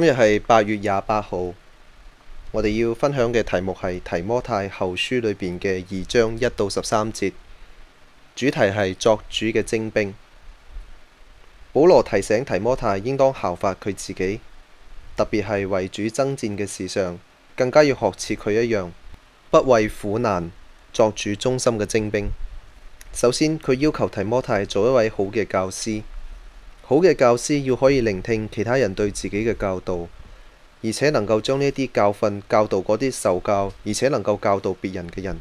今日係八月廿八號，我哋要分享嘅題目係《提摩太後書》裏邊嘅二章一到十三節，主題係作主嘅精兵。保羅提醒提摩太，應當效法佢自己，特別係為主爭戰嘅事上，更加要學似佢一樣，不畏苦難，作主忠心嘅精兵。首先，佢要求提摩太做一位好嘅教師。好嘅教師要可以聆聽其他人對自己嘅教導，而且能夠將呢啲教訓教導嗰啲受教，而且能夠教導別人嘅人。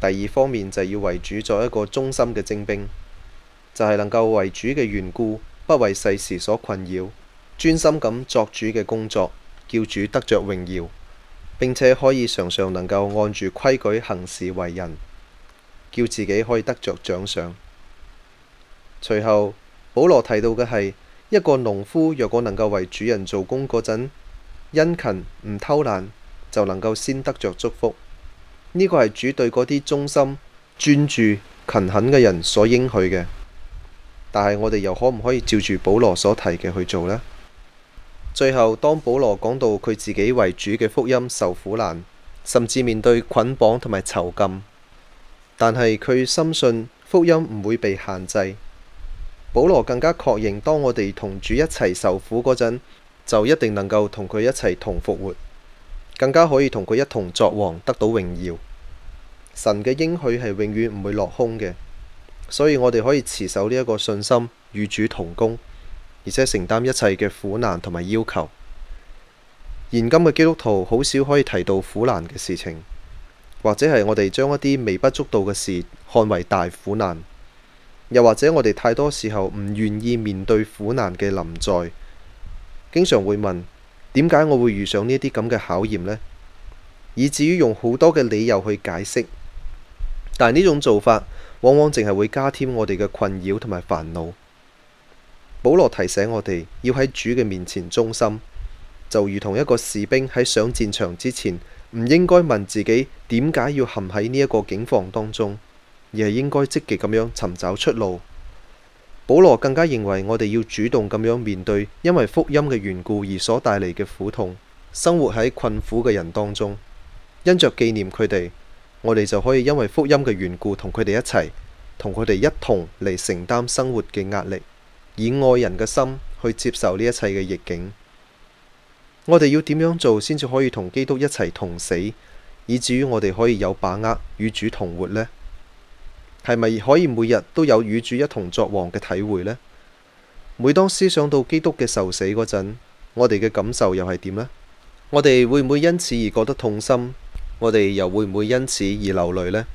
第二方面就要為主作一個忠心嘅精兵，就係能夠為主嘅緣故，不為世事所困擾，專心咁作主嘅工作，叫主得着榮耀，並且可以常常能夠按住規矩行事為人，叫自己可以得着獎賞。隨後。保羅提到嘅係一個農夫，若果能夠為主人做工嗰陣殷勤唔偷懶，就能夠先得着祝福。呢個係主對嗰啲忠心、專注、勤懇嘅人所應許嘅。但係我哋又可唔可以照住保羅所提嘅去做呢？最後，當保羅講到佢自己為主嘅福音受苦難，甚至面對捆綁同埋囚禁，但係佢深信福音唔會被限制。保羅更加確認，當我哋同主一齊受苦嗰陣，就一定能夠同佢一齊同復活，更加可以同佢一同作王，得到榮耀。神嘅應許係永遠唔會落空嘅，所以我哋可以持守呢一個信心，與主同工，而且承擔一切嘅苦難同埋要求。現今嘅基督徒好少可以提到苦難嘅事情，或者係我哋將一啲微不足道嘅事看為大苦難。又或者我哋太多時候唔願意面對苦難嘅臨在，經常會問：「點解我會遇上呢啲咁嘅考驗呢？」以至於用好多嘅理由去解釋，但呢種做法往往淨係會加添我哋嘅困擾同埋煩惱。保羅提醒我哋要喺主嘅面前忠心，就如同一個士兵喺上戰場之前，唔應該問自己點解要陷喺呢一個境況當中。而係應該積極咁樣尋找出路。保羅更加認為，我哋要主動咁樣面對，因為福音嘅緣故而所帶嚟嘅苦痛。生活喺困苦嘅人當中，因着紀念佢哋，我哋就可以因為福音嘅緣故同佢哋一齊，同佢哋一同嚟承擔生活嘅壓力，以愛人嘅心去接受呢一切嘅逆境。我哋要點樣做先至可以同基督一齊同死，以至於我哋可以有把握與主同活呢？係咪可以每日都有與主一同作王嘅體會呢？每當思想到基督嘅受死嗰陣，我哋嘅感受又係點呢？我哋會唔會因此而覺得痛心？我哋又會唔會因此而流淚呢？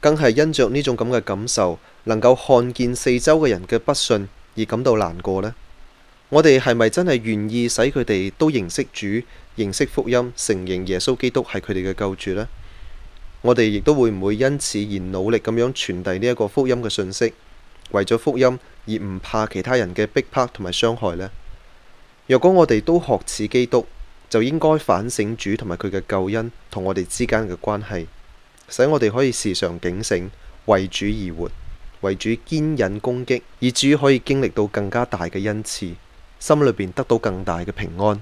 更係因着呢種咁嘅感受，能夠看見四周嘅人嘅不信而感到難過呢？我哋係咪真係願意使佢哋都認識主、認識福音、承認耶穌基督係佢哋嘅救主呢？我哋亦都會唔會因此而努力咁樣傳遞呢一個福音嘅信息，為咗福音而唔怕其他人嘅逼迫同埋傷害呢？若果我哋都學似基督，就應該反省主同埋佢嘅救恩同我哋之間嘅關係，使我哋可以時常警醒，為主而活，為主堅忍攻擊，以至於可以經歷到更加大嘅恩賜，心裏邊得到更大嘅平安。